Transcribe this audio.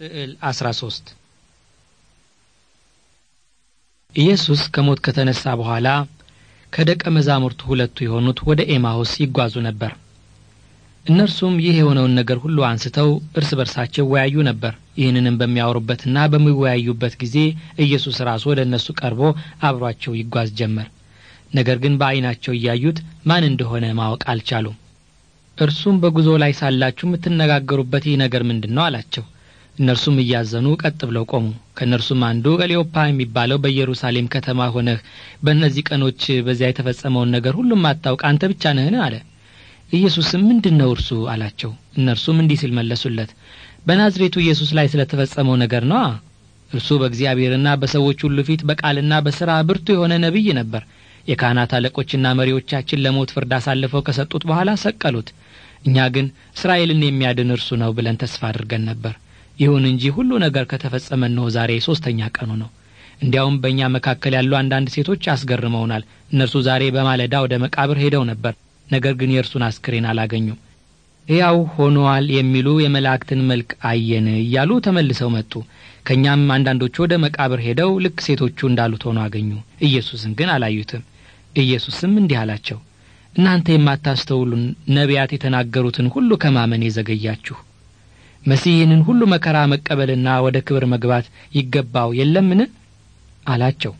ስዕል 13 ኢየሱስ ከሞት ከተነሳ በኋላ ከደቀ መዛሙርቱ ሁለቱ የሆኑት ወደ ኤማሁስ ይጓዙ ነበር። እነርሱም ይህ የሆነውን ነገር ሁሉ አንስተው እርስ በርሳቸው ወያዩ ነበር። ይህንንም በሚያወሩበትና በሚወያዩበት ጊዜ ኢየሱስ ራሱ ወደ እነሱ ቀርቦ አብሯቸው ይጓዝ ጀመር። ነገር ግን በዐይናቸው እያዩት ማን እንደሆነ ማወቅ አልቻሉም። እርሱም በጉዞ ላይ ሳላችሁ የምትነጋገሩበት ይህ ነገር ምንድን ነው? አላቸው። እነርሱም እያዘኑ ቀጥ ብለው ቆሙ። ከእነርሱም አንዱ ቀሌዮፓ የሚባለው በኢየሩሳሌም ከተማ ሆነህ በእነዚህ ቀኖች በዚያ የተፈጸመውን ነገር ሁሉም አታውቅ አንተ ብቻ ነህን? አለ። ኢየሱስም ምንድን ነው እርሱ አላቸው። እነርሱም እንዲህ ሲል መለሱለት፣ በናዝሬቱ ኢየሱስ ላይ ተፈጸመው ነገር ነዋ። እርሱ በእግዚአብሔርና በሰዎች ሁሉ ፊት በቃልና በሥራ ብርቱ የሆነ ነቢይ ነበር። የካህናት አለቆችና መሪዎቻችን ለሞት ፍርድ አሳልፈው ከሰጡት በኋላ ሰቀሉት። እኛ ግን እስራኤልን የሚያድን እርሱ ነው ብለን ተስፋ አድርገን ነበር። ይሁን እንጂ ሁሉ ነገር ከተፈጸመ እነሆ ዛሬ ሶስተኛ ቀኑ ነው። እንዲያውም በእኛ መካከል ያሉ አንዳንድ ሴቶች አስገርመውናል። እነርሱ ዛሬ በማለዳ ወደ መቃብር ሄደው ነበር፣ ነገር ግን የእርሱን አስክሬን አላገኙም። ሕያው ሆኗል የሚሉ የመላእክትን መልክ አየን እያሉ ተመልሰው መጡ። ከእኛም አንዳንዶቹ ወደ መቃብር ሄደው ልክ ሴቶቹ እንዳሉት ሆኖ አገኙ፣ ኢየሱስን ግን አላዩትም። ኢየሱስም እንዲህ አላቸው፣ እናንተ የማታስተውሉን ነቢያት የተናገሩትን ሁሉ ከማመን የዘገያችሁ መሲህንን ሁሉ መከራ መቀበልና ወደ ክብር መግባት ይገባው የለምን አላቸው